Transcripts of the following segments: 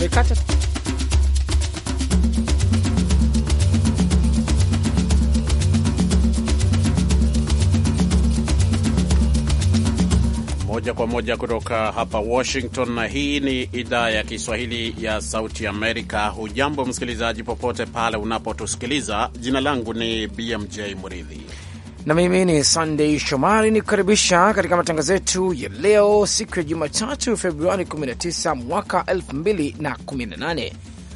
amekata moja kwa moja kutoka hapa Washington, na hii ni idhaa ya Kiswahili ya Sauti Amerika. Hujambo msikilizaji, popote pale unapotusikiliza. Jina langu ni BMJ Muridhi na mimi ni Sunday Shomari ni kukaribisha katika matangazo yetu ya leo, siku ya Jumatatu, Februari 19 mwaka 2018.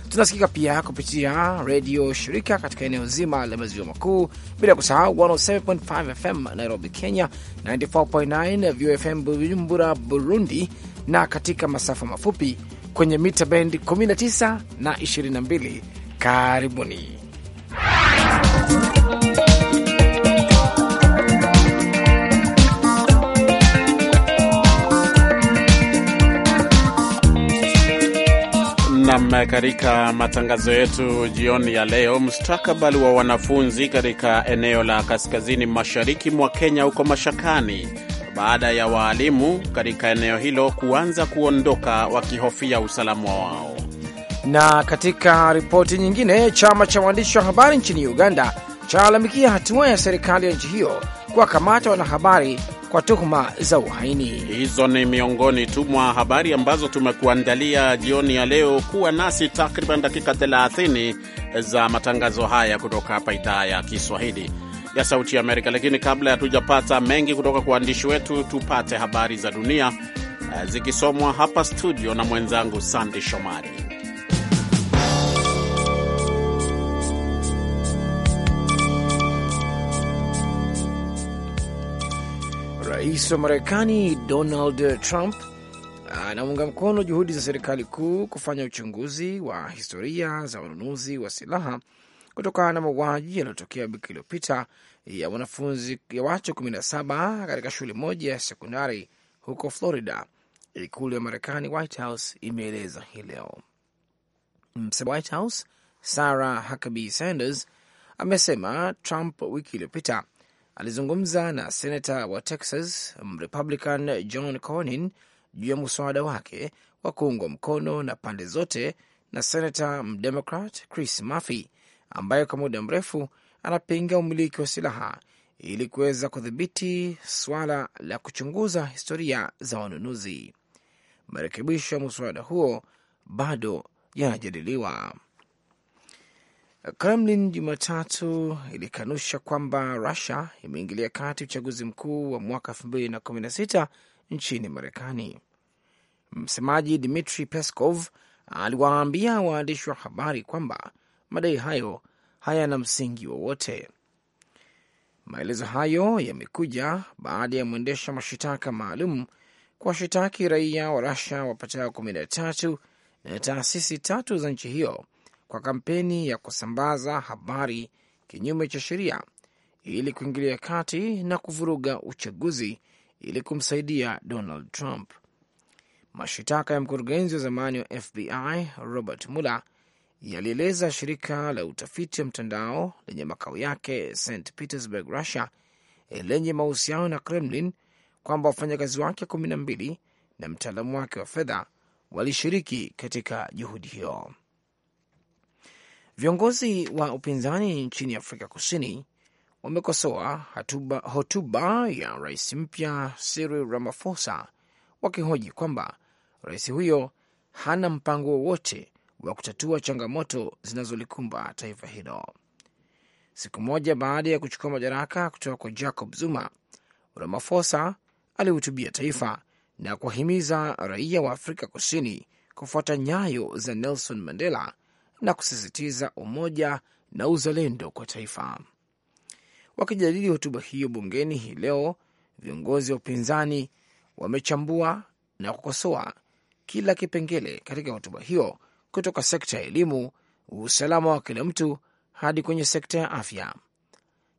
Tunasikika pia kupitia redio shirika katika eneo zima la maziwa makuu, bila kusahau 107.5 FM Nairobi, Kenya, 94.9 VFM Bujumbura, Burundi, na katika masafa mafupi kwenye mita bend 19 na 22. Karibuni katika matangazo yetu jioni ya leo, mustakabali wa wanafunzi katika eneo la kaskazini mashariki mwa Kenya huko mashakani baada ya waalimu katika eneo hilo kuanza kuondoka wakihofia usalama wao. Na katika ripoti nyingine, chama cha waandishi wa habari nchini Uganda chaalamikia hatua ya serikali ya nchi hiyo kuwakamata wanahabari kwa tuhuma za uhaini. Hizo ni miongoni tu mwa habari ambazo tumekuandalia jioni ya leo. Kuwa nasi takriban dakika 30 za matangazo haya kutoka hapa idhaa ya Kiswahili ya Sauti ya Amerika. Lakini kabla hatujapata mengi kutoka kwa waandishi wetu, tupate habari za dunia eh, zikisomwa hapa studio na mwenzangu Sandi Shomari. Rais wa Marekani Donald Trump anaunga mkono juhudi za serikali kuu kufanya uchunguzi wa historia za ununuzi wa silaha kutokana na mauaji yaliyotokea wiki iliyopita ya wanafunzi ya wacho 17 katika shule moja ya sekondari huko Florida. Ikulu ya Marekani, White House, imeeleza hii leo. Msema White House Sarah Huckabee Sanders amesema Trump wiki iliyopita alizungumza na senata wa Texas Mrepublican John Cornyn juu ya mswada wake wa kuungwa mkono na pande zote na senata Mdemokrat Chris Murphy ambaye kwa muda mrefu anapinga umiliki wa silaha ili kuweza kudhibiti swala la kuchunguza historia za wanunuzi. Marekebisho ya mswada huo bado yanajadiliwa. Kremlin Jumatatu ilikanusha kwamba Rusia imeingilia kati uchaguzi mkuu wa mwaka sita nchini Marekani. Msemaji Dmitri Peskov aliwaambia waandishi wa habari kwamba madai hayo hayana msingi wowote. Maelezo hayo yamekuja baada ya mwendesha mashitaka maalum kuwashitaki raia wa Rusia wapatao tatu na taasisi tatu za nchi hiyo kwa kampeni ya kusambaza habari kinyume cha sheria ili kuingilia kati na kuvuruga uchaguzi ili kumsaidia Donald Trump. Mashitaka ya mkurugenzi wa zamani wa FBI Robert Mueller yalieleza shirika la utafiti wa mtandao lenye makao yake St Petersburg, Russia, lenye mahusiano na Kremlin kwamba wafanyakazi wake kumi na mbili na mtaalamu wake wa fedha walishiriki katika juhudi hiyo. Viongozi wa upinzani nchini Afrika Kusini wamekosoa hotuba ya rais mpya Cyril Ramaphosa wakihoji kwamba rais huyo hana mpango wowote wa kutatua changamoto zinazolikumba taifa hilo. Siku moja baada ya kuchukua madaraka kutoka kwa Jacob Zuma, Ramaphosa alihutubia taifa na kuwahimiza raia wa Afrika Kusini kufuata nyayo za Nelson Mandela na kusisitiza umoja na uzalendo kwa taifa. Wakijadili hotuba hiyo bungeni hii leo, viongozi wa upinzani wamechambua na kukosoa kila kipengele katika hotuba hiyo, kutoka sekta ya elimu, usalama wa kila mtu hadi kwenye sekta ya afya.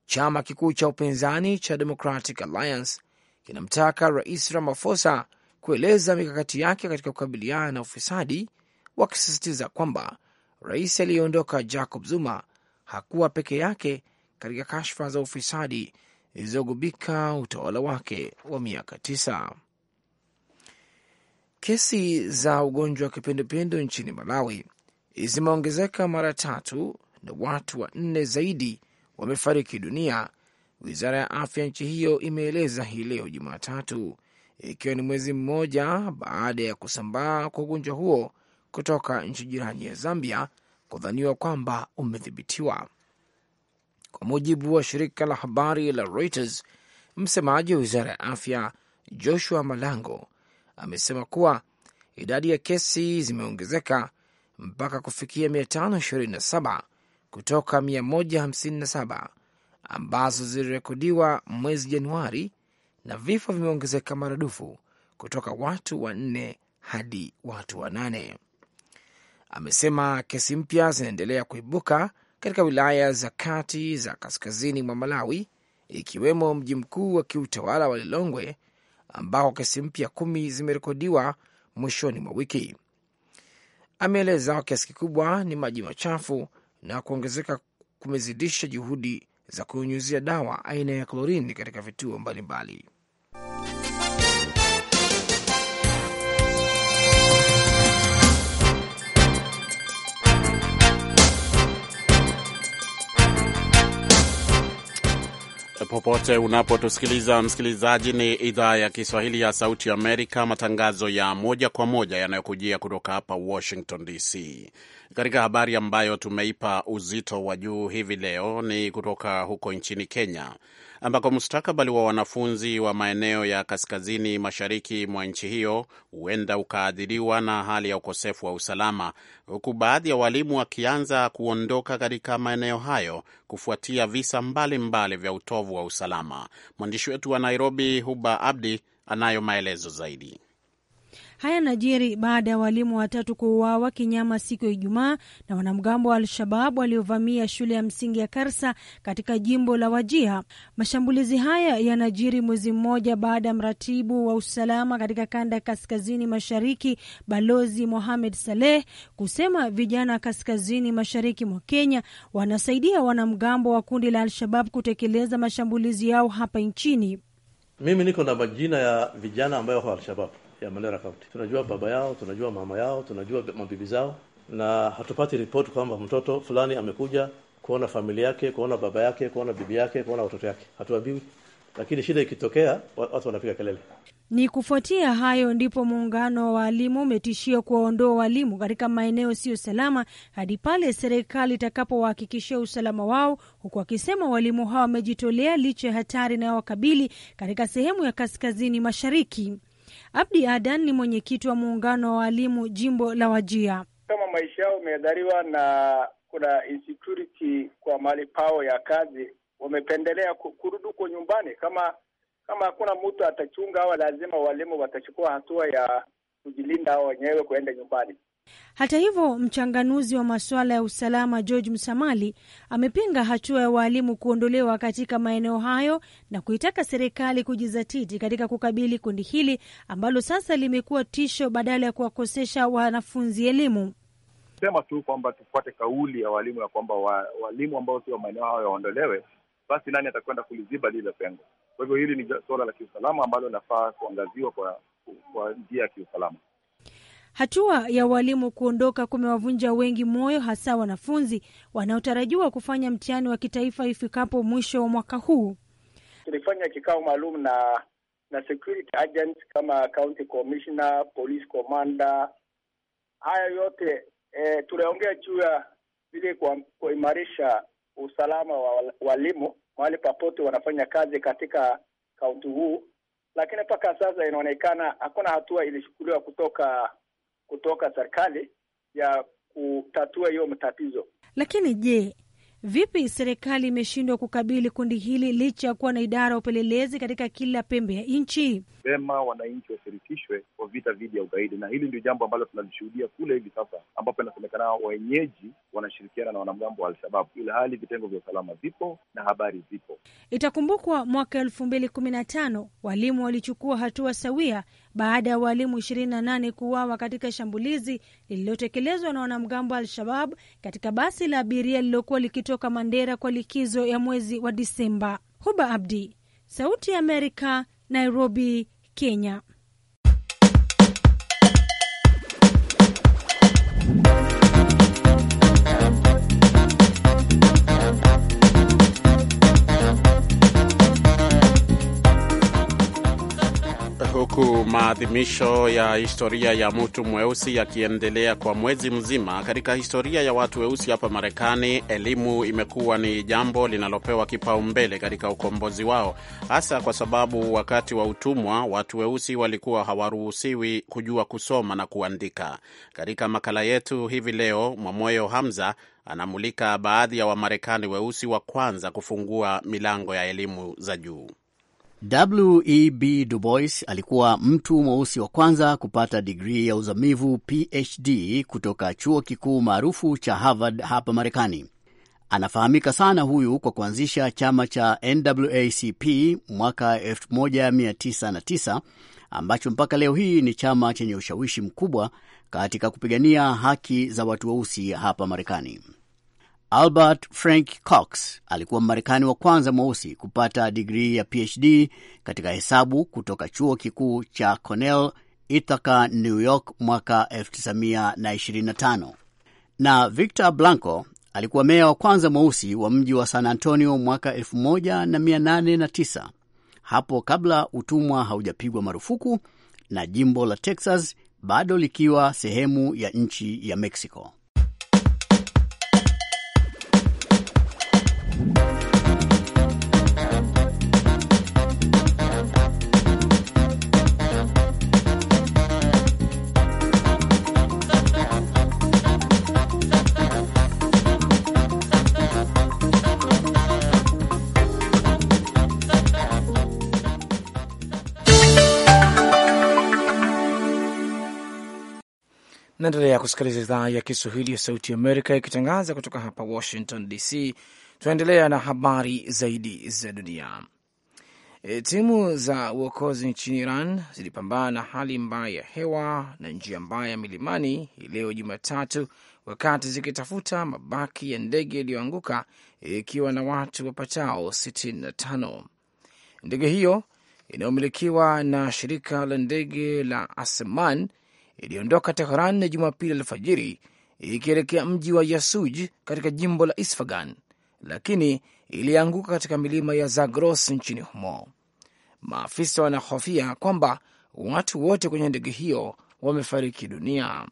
Chama kikuu cha upinzani cha Democratic Alliance kinamtaka Rais Ramaphosa kueleza mikakati yake katika kukabiliana na ufisadi, wakisisitiza kwamba rais aliyeondoka Jacob Zuma hakuwa peke yake katika kashfa za ufisadi zilizogubika utawala wake wa miaka tisa. Kesi za ugonjwa wa kipindupindu nchini Malawi zimeongezeka mara tatu na watu wanne zaidi wamefariki dunia, wizara ya afya nchi hiyo imeeleza hii leo Jumatatu, ikiwa ni mwezi mmoja baada ya kusambaa kwa ugonjwa huo kutoka nchi jirani ya Zambia kudhaniwa kwamba umedhibitiwa. Kwa mujibu wa shirika la habari la Reuters, msemaji wa wizara ya afya Joshua Malango amesema kuwa idadi ya kesi zimeongezeka mpaka kufikia 527 kutoka 157 ambazo zilirekodiwa mwezi Januari, na vifo vimeongezeka maradufu kutoka watu wanne hadi watu wanane amesema kesi mpya zinaendelea kuibuka katika wilaya za kati za kaskazini mwa Malawi, ikiwemo mji mkuu wa kiutawala wa Lilongwe ambako kesi mpya kumi zimerekodiwa mwishoni mwa wiki. Ameeleza kwa kiasi kikubwa ni maji machafu na kuongezeka kumezidisha juhudi za kunyunyuzia dawa aina ya klorini katika vituo mbalimbali. popote unapotusikiliza msikilizaji. Ni idhaa ya Kiswahili ya Sauti Amerika, matangazo ya moja kwa moja yanayokujia kutoka hapa Washington DC. Katika habari ambayo tumeipa uzito wa juu hivi leo ni kutoka huko nchini Kenya ambako mustakabali wa wanafunzi wa maeneo ya kaskazini mashariki mwa nchi hiyo huenda ukaadhiriwa na hali ya ukosefu wa usalama, huku baadhi ya walimu wakianza kuondoka katika maeneo hayo kufuatia visa mbalimbali mbali vya utovu wa usalama. Mwandishi wetu wa Nairobi, Huba Abdi, anayo maelezo zaidi. Haya najiri baada ya walimu watatu kuuawa kinyama siku ya Ijumaa na wanamgambo wa Al-Shabab waliovamia shule ya msingi ya Karsa katika jimbo la Wajia. Mashambulizi haya yanajiri mwezi mmoja baada ya mratibu wa usalama katika kanda ya kaskazini mashariki Balozi Mohamed Saleh kusema vijana wa kaskazini mashariki mwa Kenya wanasaidia wanamgambo wa kundi la Al-Shabab kutekeleza mashambulizi yao hapa nchini. Mimi niko na majina ya vijana ambayo wako Al-Shabab ya Mandera County. Tunajua baba yao, tunajua mama yao, tunajua mabibi zao, na hatupati ripoti kwamba mtoto fulani amekuja kuona familia yake, kuona baba yake, kuona bibi yake, kuona watoto yake, hatuambiwi. Lakini shida ikitokea, watu wanapiga kelele. Ni kufuatia hayo ndipo muungano wa walimu umetishia kuwaondoa walimu katika maeneo siyo salama hadi pale serikali itakapowahakikishia usalama wao, huku wakisema walimu hao wamejitolea licha ya hatari inayowakabili katika sehemu ya kaskazini mashariki. Abdi Adan ni mwenyekiti wa muungano wa walimu jimbo la Wajia. Kama maisha yao umeadhariwa na kuna insecurity kwa mali pao ya kazi, wamependelea kurudi huko nyumbani. Kama kama hakuna mtu atachunga hawa, lazima walimu watachukua hatua ya kujilinda hao wenyewe kuenda nyumbani. Hata hivyo, mchanganuzi wa masuala ya usalama George Msamali amepinga hatua ya waalimu kuondolewa katika maeneo hayo na kuitaka serikali kujizatiti katika kukabili kundi hili ambalo sasa limekuwa tisho badala ya kuwakosesha wanafunzi elimu. Sema tu kwamba tufuate kauli ya waalimu ya kwamba wa, waalimu ambao sio maeneo hayo waondolewe, basi nani atakwenda kuliziba lile pengo? Kwa hivyo hili ni suala la kiusalama ambalo linafaa kuangaziwa kwa njia ya kiusalama. Hatua ya walimu kuondoka kumewavunja wengi moyo, hasa wanafunzi wanaotarajiwa kufanya mtihani wa kitaifa ifikapo mwisho wa mwaka huu. Tulifanya kikao maalum na na security kama county commissioner, police commander. Haya yote e, tuliongea juu ya vile kuimarisha usalama wa walimu mahali papote wanafanya kazi katika kaunti huu, lakini mpaka sasa inaonekana hakuna hatua ilichukuliwa kutoka kutoka serikali ya kutatua hiyo matatizo. Lakini je, vipi serikali imeshindwa kukabili kundi hili licha ya kuwa na idara ya upelelezi katika kila pembe ya nchi? Vema wananchi washirikishwe kwa vita dhidi ya ugaidi, na hili ndio jambo ambalo tunalishuhudia kule hivi sasa, ambapo inasemekana wenyeji wanashirikiana na wanamgambo wa Alshababu, ila hali vitengo vya usalama vipo na habari zipo. Itakumbukwa mwaka elfu mbili kumi na tano walimu walichukua hatua sawia baada ya waalimu 28 kuuawa katika shambulizi lililotekelezwa na wanamgambo wa Al-Shabab katika basi la abiria lililokuwa likitoka Mandera kwa likizo ya mwezi wa Disemba. Huba Abdi, Sauti ya Amerika, Nairobi, Kenya. huku maadhimisho ya historia ya mtu mweusi yakiendelea kwa mwezi mzima, katika historia ya watu weusi hapa Marekani, elimu imekuwa ni jambo linalopewa kipaumbele katika ukombozi wao, hasa kwa sababu wakati wa utumwa watu weusi walikuwa hawaruhusiwi kujua kusoma na kuandika. Katika makala yetu hivi leo, Mwamoyo Hamza anamulika baadhi ya Wamarekani weusi wa kwanza kufungua milango ya elimu za juu. W.E.B. Du Bois alikuwa mtu mweusi wa kwanza kupata digrii ya uzamivu PhD kutoka chuo kikuu maarufu cha Harvard hapa Marekani. Anafahamika sana huyu kwa kuanzisha chama cha NAACP mwaka 1909 ambacho mpaka leo hii ni chama chenye ushawishi mkubwa katika kupigania haki za watu weusi hapa Marekani. Albert Frank Cox alikuwa Mmarekani wa kwanza mweusi kupata digrii ya PhD katika hesabu kutoka chuo kikuu cha Cornell, Ithaca, New York mwaka 1925 na Victor Blanco alikuwa meya wa kwanza mweusi wa mji wa San Antonio mwaka 1809, hapo kabla utumwa haujapigwa marufuku na jimbo la Texas bado likiwa sehemu ya nchi ya Mexico. Naendelea kusikiliza idhaa ya Kiswahili ya Sauti Amerika ikitangaza kutoka hapa Washington DC. Tunaendelea na habari zaidi za dunia. E, timu za uokozi nchini Iran zilipambana na hali mbaya ya hewa na njia mbaya ya milimani hii leo Jumatatu, wakati zikitafuta mabaki ya ndege iliyoanguka ikiwa na watu wapatao 65. Ndege hiyo inayomilikiwa na shirika la ndege la Aseman iliondoka Tehran na Jumapili alfajiri ikielekea mji wa Yasuj katika jimbo la isfagan lakini ilianguka katika milima ya Zagros nchini humo. Maafisa wanahofia kwamba watu wote kwenye ndege hiyo wamefariki dunia.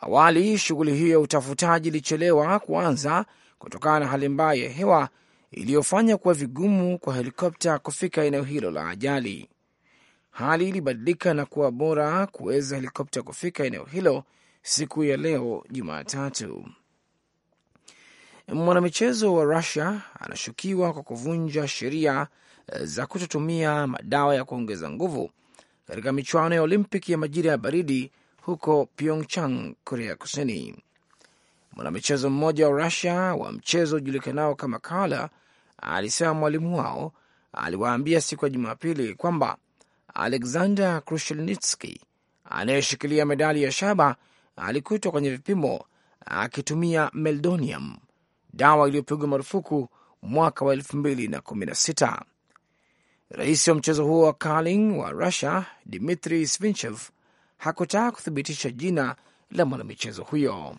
Awali shughuli hiyo ya utafutaji ilichelewa kuanza kutokana na hali mbaya ya hewa iliyofanya kuwa vigumu kwa helikopta kufika eneo hilo la ajali hali ilibadilika na kuwa bora kuweza helikopta kufika eneo hilo siku ya leo Jumatatu. Mwanamichezo wa Rusia anashukiwa kwa kuvunja sheria za kutotumia madawa ya kuongeza nguvu katika michuano ya Olimpiki ya majira ya baridi huko Pyeongchang, Korea Kusini. Mwanamichezo mmoja wa Rusia wa mchezo ujulikanao kama Kala alisema mwalimu wao aliwaambia siku ya Jumapili kwamba Alexander Krushelnitski anayeshikilia medali ya shaba alikutwa kwenye vipimo akitumia meldonium, dawa iliyopigwa marufuku mwaka wa na sita. Rais wa mchezo huo wa curling wa Russia Dmitri Svinchev hakutaka kuthibitisha jina la mwanamichezo huyo.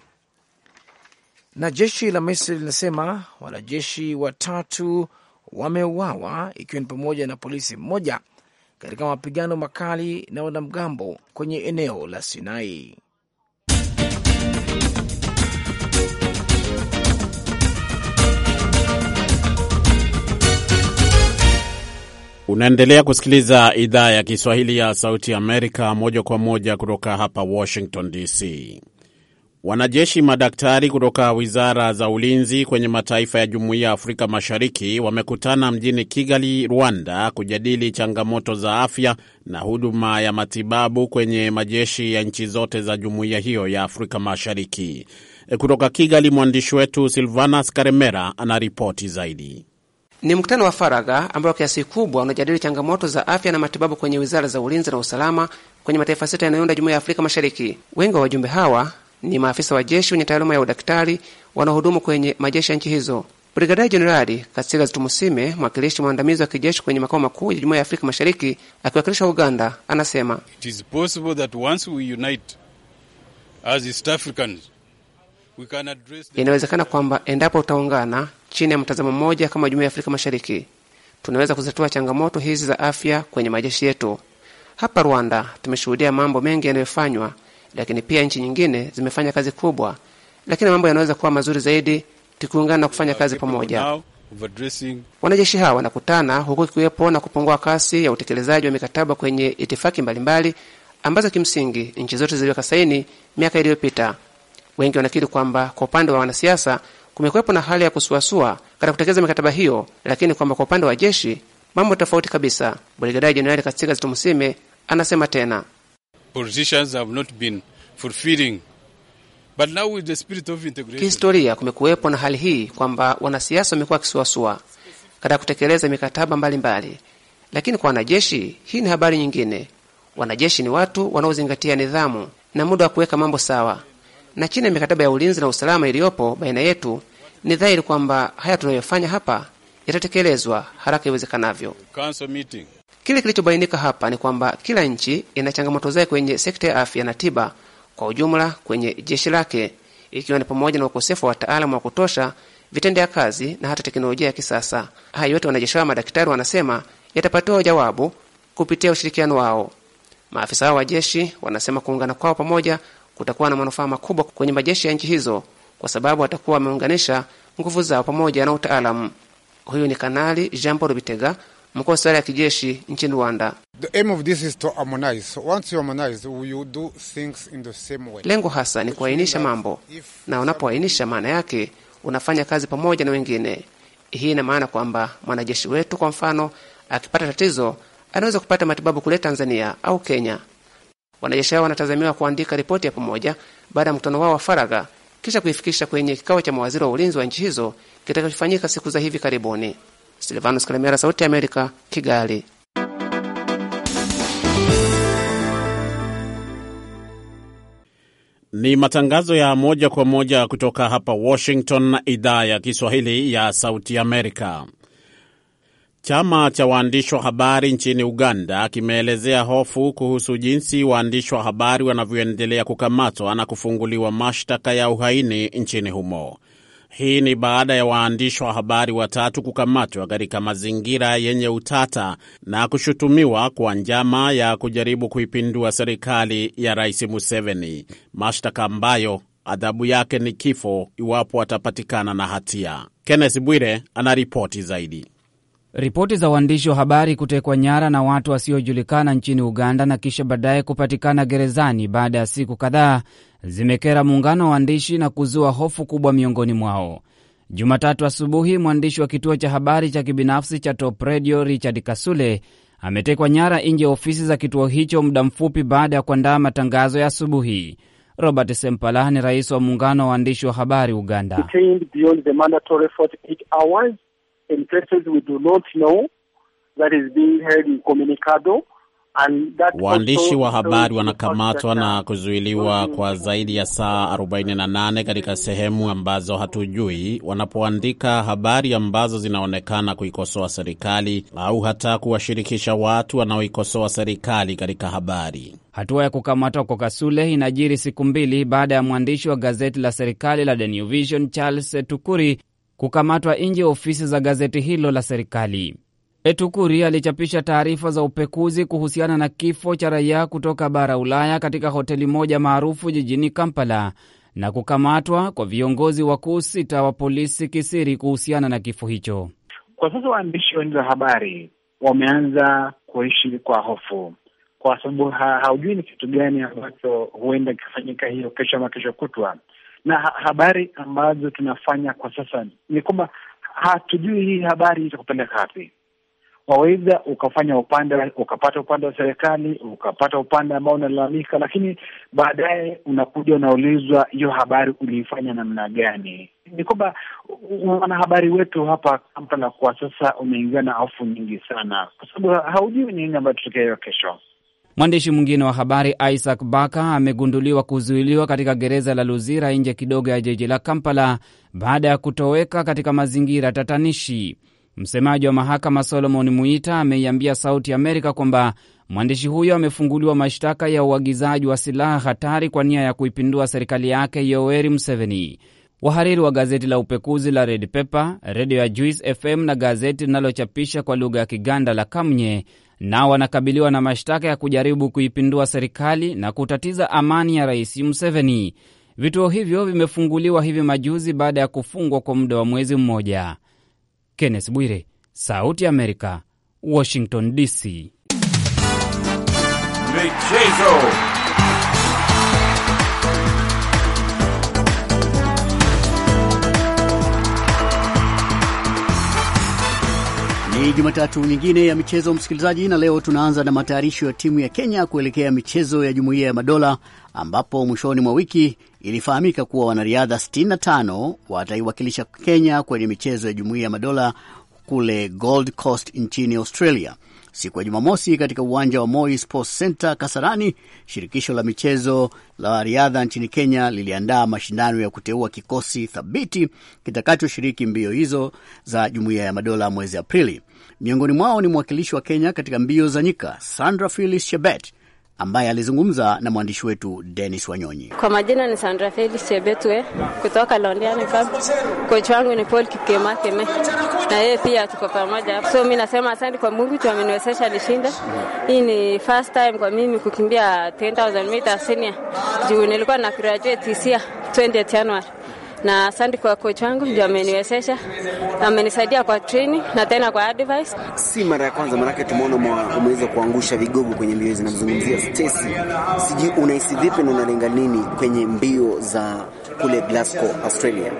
Na jeshi la Misri linasema wanajeshi watatu wameuawa ikiwa ni pamoja na polisi mmoja katika mapigano makali na wanamgambo kwenye eneo la Sinai. Unaendelea kusikiliza idhaa ya Kiswahili ya Sauti Amerika moja kwa moja kutoka hapa Washington DC. Wanajeshi madaktari kutoka wizara za ulinzi kwenye mataifa ya jumuiya ya Afrika Mashariki wamekutana mjini Kigali, Rwanda, kujadili changamoto za afya na huduma ya matibabu kwenye majeshi ya nchi zote za jumuiya hiyo ya Afrika Mashariki. E, kutoka Kigali, mwandishi wetu Silvanas Karemera anaripoti zaidi. Ni mkutano wa faragha ambao kiasi kubwa unajadili changamoto za afya na matibabu kwenye wizara za ulinzi na usalama kwenye mataifa sita yanayounda jumuiya ya Afrika Mashariki. Wengi wa wajumbe hawa ni maafisa wa jeshi wenye taaluma ya udaktari wanaohudumu kwenye majeshi ya nchi hizo. Brigadia Jenerali Kasigaz Tumusime, mwakilishi mwandamizi wa kijeshi kwenye makao makuu ya Jumuiya ya Afrika Mashariki akiwakilisha Uganda, anasema It is possible that once we unite as East Africans we can address the... inawezekana kwamba endapo tutaungana chini ya mtazamo mmoja kama Jumuiya ya Afrika Mashariki tunaweza kuzitatua changamoto hizi za afya kwenye majeshi yetu. Hapa Rwanda tumeshuhudia mambo mengi yanayofanywa lakini pia nchi nyingine zimefanya kazi kubwa, lakini mambo yanaweza kuwa mazuri zaidi tukiungana na kufanya kazi pamoja. Wanajeshi hawa wanakutana huku ikiwepo na kupungua kasi ya utekelezaji wa mikataba kwenye itifaki mbalimbali mbali, ambazo kimsingi nchi zote ziliweka saini miaka iliyopita. Wengi wanakiri kwamba kwa upande wa wanasiasa kumekuwepo na hali ya kusuasua katika kutekeleza mikataba hiyo, lakini kwamba kwa upande wa jeshi mambo tofauti kabisa. Brigedia Jenerali Katsiga Zitumusime anasema tena Kihistoria kumekuwepo na hali hii kwamba wanasiasa wamekuwa wakisuasua katika kutekeleza mikataba mbalimbali mbali. Lakini kwa wanajeshi hii ni habari nyingine. Wanajeshi ni watu wanaozingatia nidhamu na muda wa kuweka mambo sawa, na chini ya mikataba ya ulinzi na usalama iliyopo baina yetu, ni dhahiri kwamba haya tunayofanya hapa yatatekelezwa haraka iwezekanavyo. Kile kilichobainika hapa ni kwamba kila nchi ina changamoto zake kwenye sekta ya afya na tiba kwa ujumla kwenye jeshi lake, ikiwa ni pamoja na ukosefu wa wataalamu wa kutosha, vitendea kazi na hata teknolojia ya kisasa. Haya yote wanajeshi wa madaktari wanasema yatapatiwa jawabu kupitia ushirikiano wao. Maafisa hao wa jeshi wanasema kuungana kwao pamoja kutakuwa na manufaa makubwa kwenye majeshi ya nchi hizo, kwa sababu watakuwa wameunganisha nguvu zao pamoja na utaalamu. Huyu ni Kanali Jean Paul Bitega, mkuu wa sara ya kijeshi nchini Rwanda. Lengo hasa ni kuainisha mambo, na unapoainisha maana yake unafanya kazi pamoja na wengine. Hii ina maana kwamba mwanajeshi wetu kwa mfano akipata tatizo anaweza kupata matibabu kule Tanzania au Kenya. Wanajeshi hao wanatazamiwa kuandika ripoti ya pamoja baada ya mkutano wao wa faragha kisha kuifikisha kwenye kikao cha mawaziri wa ulinzi wa nchi hizo kitakachofanyika siku za hivi karibuni. Silvanus Kalemera, Sauti ya Amerika, Kigali. Ni matangazo ya moja kwa moja kutoka hapa Washington, idhaa ya Kiswahili ya Sauti Amerika. Chama cha waandishi wa habari nchini Uganda kimeelezea hofu kuhusu jinsi waandishi wa habari wanavyoendelea kukamatwa na kufunguliwa mashtaka ya uhaini nchini humo. Hii ni baada ya waandishi wa habari watatu kukamatwa katika mazingira yenye utata na kushutumiwa kwa njama ya kujaribu kuipindua serikali ya Rais Museveni, mashtaka ambayo adhabu yake ni kifo iwapo atapatikana na hatia. Kenneth Bwire anaripoti zaidi. Ripoti za waandishi wa habari kutekwa nyara na watu wasiojulikana nchini Uganda na kisha baadaye kupatikana gerezani baada ya siku kadhaa zimekera muungano wa waandishi na kuzua hofu kubwa miongoni mwao. Jumatatu asubuhi, mwandishi wa kituo cha habari cha kibinafsi cha Top Radio Richard Kasule ametekwa nyara nje ya ofisi za kituo hicho muda mfupi baada ya kuandaa matangazo ya asubuhi. Robert Sempala ni rais wa muungano wa waandishi wa habari Uganda in places we do not know that is being held in Comunicado. Waandishi wa habari wanakamatwa na kuzuiliwa kwa zaidi ya saa 48 katika sehemu ambazo hatujui, wanapoandika habari ambazo zinaonekana kuikosoa serikali au hata kuwashirikisha watu wanaoikosoa serikali katika habari. Hatua ya kukamatwa kwa Kasule inajiri siku mbili baada ya mwandishi wa gazeti la serikali la The New Vision Charles Tukuri kukamatwa nje ya ofisi za gazeti hilo la serikali. Etukuri alichapisha taarifa za upekuzi kuhusiana na kifo cha raia kutoka bara Ulaya katika hoteli moja maarufu jijini Kampala na kukamatwa kwa viongozi wakuu sita wa polisi kisiri kuhusiana na kifo hicho. Kwa sasa waandishi wengi wa habari wameanza kuishi kwa hofu, kwa sababu haujui ni kitu gani ambacho huenda kifanyika hiyo kesho ama kesho kutwa na ha habari ambazo tunafanya kwa sasa ni kwamba hatujui hii habari itakupeleka wapi. Waweza ukafanya upande, ukapata upande wa serikali, ukapata upande ambao unalalamika, lakini baadaye unakuja unaulizwa, hiyo habari uliifanya namna gani? Ni kwamba wanahabari wetu hapa Kampala kwa sasa umeingia na hofu nyingi sana, kwa sababu haujui ni nini ambayo hiyo kesho. Mwandishi mwingine wa habari Isaac Baka amegunduliwa kuzuiliwa katika gereza la Luzira nje kidogo ya jiji la Kampala baada ya kutoweka katika mazingira tatanishi. Msemaji wa mahakama Solomon Muita ameiambia Sauti ya Amerika kwamba mwandishi huyo amefunguliwa mashtaka ya uagizaji wa silaha hatari kwa nia ya kuipindua serikali yake Yoweri Museveni. Wahariri wa gazeti la upekuzi la Red Pepper, redio ya Juice FM na gazeti linalochapisha kwa lugha ya Kiganda la Kamnye nao wanakabiliwa na mashtaka ya kujaribu kuipindua serikali na kutatiza amani ya Rais Museveni. Vituo hivyo vimefunguliwa hivi majuzi baada ya kufungwa kwa muda wa mwezi mmoja. Kenneth Bwire, Sauti ya Amerika, Washington DC. Michezo. Ni Jumatatu nyingine ya michezo, msikilizaji, na leo tunaanza na matayarisho ya timu ya Kenya kuelekea michezo ya Jumuiya ya Madola ambapo mwishoni mwa wiki ilifahamika kuwa wanariadha 65 wataiwakilisha Kenya kwenye michezo ya Jumuiya ya Madola kule Gold Coast nchini Australia. Siku ya Jumamosi, katika uwanja wa Moi Sports Center Kasarani, shirikisho la michezo la riadha nchini Kenya liliandaa mashindano ya kuteua kikosi thabiti kitakachoshiriki mbio hizo za Jumuiya ya Madola mwezi Aprili. Miongoni mwao ni mwakilishi wa Kenya katika mbio za nyika Sandra Phyllis Chebet ambaye alizungumza na mwandishi wetu denis Wanyonyi. Kwa majina ni Sandra Felix Chebetwe kutoka Londiani Camp. Kocha wangu ni Paul Kipkemakeme na yeye pia tuko pamoja So mimi nasema asante kwa Mungu tu ameniwezesha nishinda. Hii ni first time kwa mimi kukimbia 10000 meters senior. Juu nilikuwa na graduate hisia 20 Januari na asante kwa coach wangu ndio ameniwezesha, amenisaidia kwa training na tena kwa advice. Si mara ya kwanza, maanake tumeona umeweza kuangusha vigogo kwenye mbio hizi. Namzungumzia Stacy, sijui unahisi vipi na unalenga nini kwenye mbio za kule Glasgow, Australia.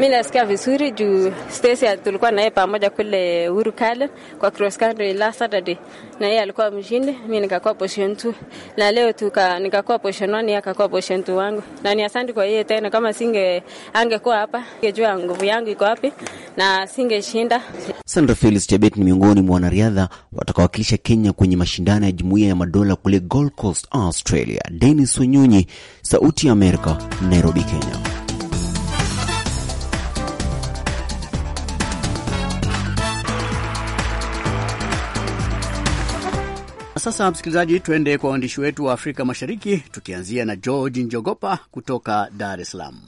Mi nasikia vizuri juu Stacy tulikuwa naye pamoja kule Uhuru Garden kwa cross country last Saturday, na yeye alikuwa mshindi, mi nikakuwa position 2 na leo tuka, nikakuwa position 1 akakuwa position 2 wangu, na ni asante kwa yeye tena. Kama singe angekuwa hapa, ingejua nguvu yangu iko wapi na singeshinda. Sandra Felix Chebet ni miongoni mwa wanariadha watakaowakilisha Kenya kwenye mashindano ya Jumuiya ya Madola kule Gold Coast, Australia. Dennis Wenyunyi, Sauti ya Amerika, Nairobi, Kenya. Sasa msikilizaji, tuende kwa waandishi wetu wa Afrika Mashariki, tukianzia na George Njogopa kutoka Dar es Salaam.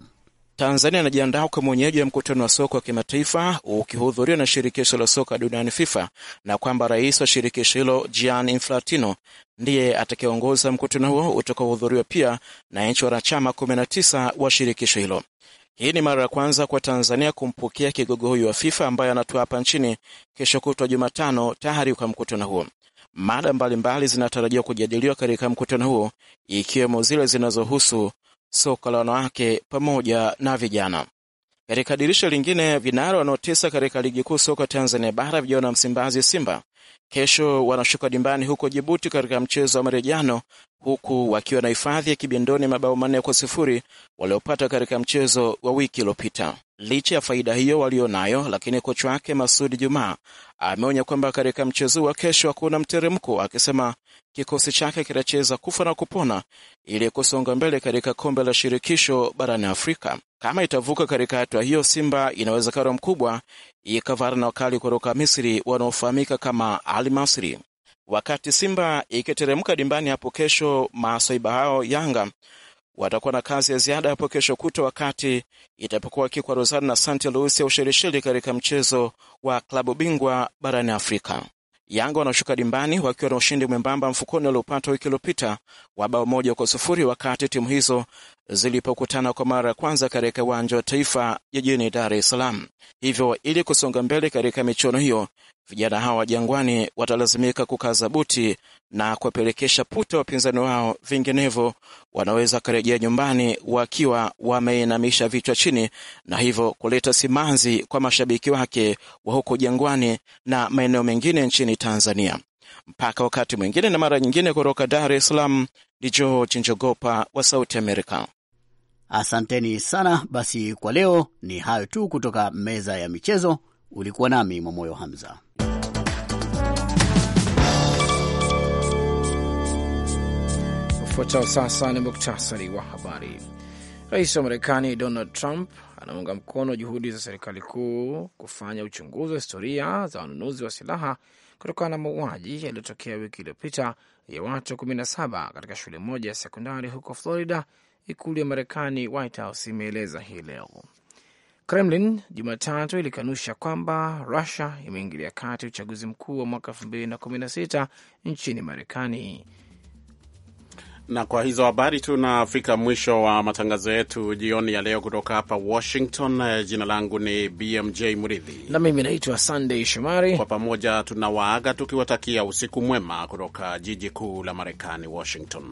Tanzania inajiandaa kwa mwenyeji wa mkutano wa soka wa kimataifa ukihudhuriwa na shirikisho la soka duniani FIFA, na kwamba rais wa shirikisho hilo Gianni Infantino ndiye atakayeongoza mkutano huo utakaohudhuriwa pia na nchi wanachama 19 wa shirikisho hilo. Hii ni mara ya kwanza kwa Tanzania kumpokea kigogo huyu wa FIFA ambaye anatua hapa nchini kesho kutwa Jumatano, tayari kwa mkutano huo. Mada mbalimbali zinatarajiwa kujadiliwa katika mkutano huo ikiwemo zile zinazohusu soka la wanawake pamoja na vijana. Katika dirisha lingine, vinara wanaotisa katika ligi kuu soka Tanzania bara vijana Msimbazi, Simba, kesho wanashuka dimbani huko Jibuti katika mchezo wa marejano, huku wakiwa na hifadhi ya Kibindoni mabao manne kwa sifuri waliopata katika mchezo wa wiki iliyopita. Licha ya faida hiyo walionayo, lakini kocha wake Masudi Jumaa ameonya kwamba katika mchezo wa kesho hakuna mteremko, akisema kikosi chake kitacheza kufa na kupona ili kusonga mbele katika kombe la shirikisho barani Afrika. Kama itavuka katika hatua hiyo, Simba ina uwezekano mkubwa ikavara na wakali kutoka Misri wanaofahamika kama Al Masri. Wakati Simba ikiteremka dimbani hapo kesho, masaiba hao Yanga watakuwa na kazi ya ziada hapo kesho kutwa wakati itapokuwa Rosari na Louis ya Ushelisheli katika mchezo wa klabu bingwa barani Afrika. Yanga wanashuka dimbani wakiwa na ushindi mwembamba mfukoni waliopata wiki iliyopita wa bao moja kwa sufuri, wakati timu hizo zilipokutana kwa mara ya kwanza katika uwanja wa taifa jijini Dar es Salaam. Hivyo, ili kusonga mbele katika michuano hiyo, vijana hawa wa Jangwani watalazimika kukaza buti na kuwapelekesha puta wapinzani wao, vinginevyo wanaweza wakarejea nyumbani wakiwa wameinamisha vichwa chini, na hivyo kuleta simanzi kwa mashabiki wake wa huko Jangwani na maeneo mengine nchini Tanzania. Mpaka wakati mwingine na mara nyingine, kutoka Dar es Salaam, ndicho Chinchogopa wa Sauti Amerika. Asanteni sana. Basi kwa leo ni hayo tu kutoka meza ya michezo. Ulikuwa nami Mwamoyo Hamza. Ufuatao sasa ni muktasari wa habari. Rais wa Marekani Donald Trump anaunga mkono juhudi za serikali kuu kufanya uchunguzi wa historia za wanunuzi wa silaha kutokana na mauaji yaliyotokea wiki iliyopita ya watu 17 katika shule moja ya sekondari huko Florida, ikulu ya Marekani, White House imeeleza hii leo. Kremlin Jumatatu ilikanusha kwamba Rusia imeingilia kati uchaguzi mkuu wa mwaka 2016 nchini Marekani. Na kwa hizo habari tunafika mwisho wa matangazo yetu jioni ya leo kutoka hapa Washington. Eh, jina langu ni BMJ Mridhi na mimi naitwa sandey Shomari. Kwa pamoja tunawaaga tukiwatakia usiku mwema kutoka jiji kuu la Marekani, Washington.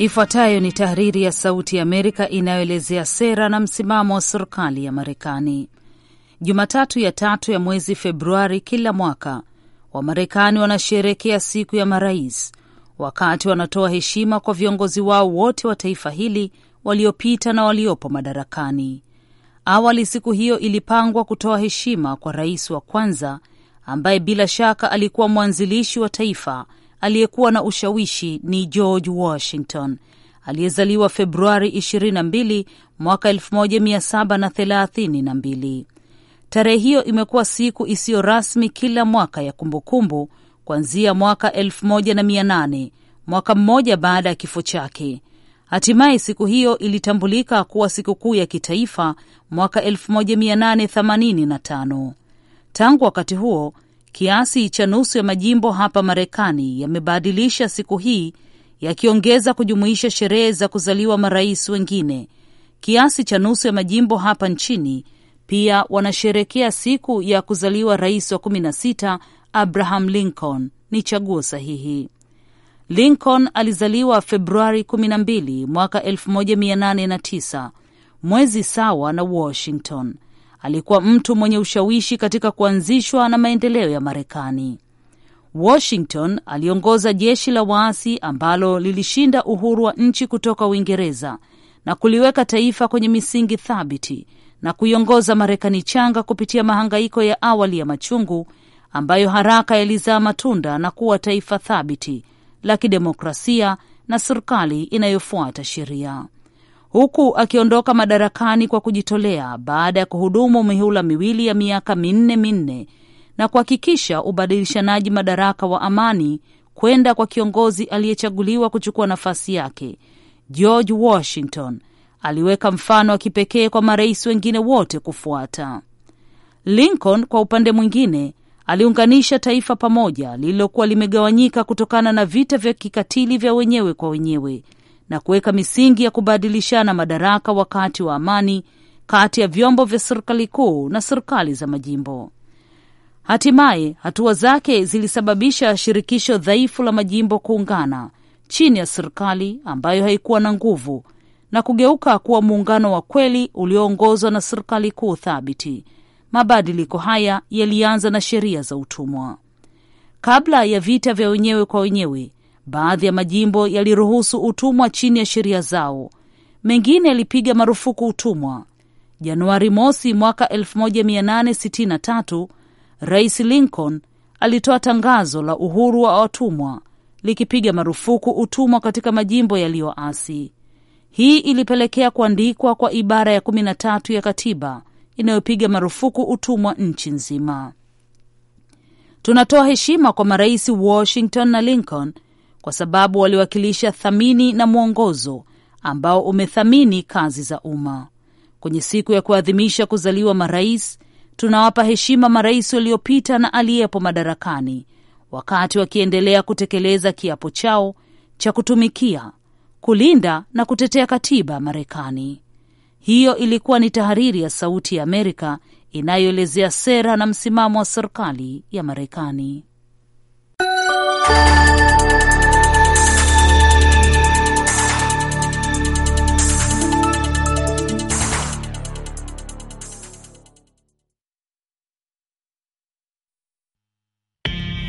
Ifuatayo ni tahariri ya Sauti ya Amerika inayoelezea sera na msimamo wa serikali ya Marekani. Jumatatu ya tatu ya mwezi Februari kila mwaka Wamarekani wanasherekea siku ya marais, wakati wanatoa heshima kwa viongozi wao wote wa taifa hili waliopita na waliopo madarakani. Awali siku hiyo ilipangwa kutoa heshima kwa rais wa kwanza ambaye bila shaka alikuwa mwanzilishi wa taifa aliyekuwa na ushawishi ni George Washington aliyezaliwa Februari 22 mwaka 1732. Tarehe hiyo imekuwa siku isiyo rasmi kila mwaka ya kumbukumbu kuanzia mwaka 1800, mwaka mmoja baada ya kifo chake. Hatimaye siku hiyo ilitambulika kuwa sikukuu ya kitaifa mwaka 1885. Tangu wakati huo Kiasi cha nusu ya majimbo hapa Marekani yamebadilisha siku hii, yakiongeza kujumuisha sherehe za kuzaliwa marais wengine. Kiasi cha nusu ya majimbo hapa nchini pia wanasherekea siku ya kuzaliwa rais wa 16 Abraham Lincoln. Ni chaguo sahihi. Lincoln alizaliwa Februari 12 mwaka 1809, mwezi sawa na Washington alikuwa mtu mwenye ushawishi katika kuanzishwa na maendeleo ya Marekani. Washington aliongoza jeshi la waasi ambalo lilishinda uhuru wa nchi kutoka Uingereza na kuliweka taifa kwenye misingi thabiti na kuiongoza Marekani changa kupitia mahangaiko ya awali ya machungu ambayo haraka yalizaa matunda na kuwa taifa thabiti la kidemokrasia na serikali inayofuata sheria huku akiondoka madarakani kwa kujitolea baada ya kuhudumu mihula miwili ya miaka minne minne na kuhakikisha ubadilishanaji madaraka wa amani kwenda kwa kiongozi aliyechaguliwa kuchukua nafasi yake. George Washington aliweka mfano wa kipekee kwa marais wengine wote kufuata. Lincoln kwa upande mwingine aliunganisha taifa pamoja lililokuwa limegawanyika kutokana na vita vya kikatili vya wenyewe kwa wenyewe na kuweka misingi ya kubadilishana madaraka wakati wa amani kati ya vyombo vya serikali kuu na serikali za majimbo. Hatimaye hatua zake zilisababisha shirikisho dhaifu la majimbo kuungana chini ya serikali ambayo haikuwa na nguvu na kugeuka kuwa muungano wa kweli ulioongozwa na serikali kuu thabiti. Mabadiliko haya yalianza na sheria za utumwa. Kabla ya vita vya wenyewe kwa wenyewe, Baadhi ya majimbo yaliruhusu utumwa chini ya sheria zao, mengine yalipiga marufuku utumwa. Januari mosi mwaka 1863 Rais Lincoln alitoa tangazo la uhuru wa watumwa likipiga marufuku utumwa katika majimbo yaliyoasi. Hii ilipelekea kuandikwa kwa ibara ya 13 ya katiba inayopiga marufuku utumwa nchi nzima. Tunatoa heshima kwa marais Washington na Lincoln kwa sababu waliwakilisha thamini na mwongozo ambao umethamini kazi za umma. Kwenye siku ya kuadhimisha kuzaliwa marais, tunawapa heshima marais waliopita na aliyepo madarakani, wakati wakiendelea kutekeleza kiapo chao cha kutumikia, kulinda na kutetea katiba ya Marekani. Hiyo ilikuwa ni tahariri ya Sauti ya Amerika inayoelezea sera na msimamo wa serikali ya Marekani.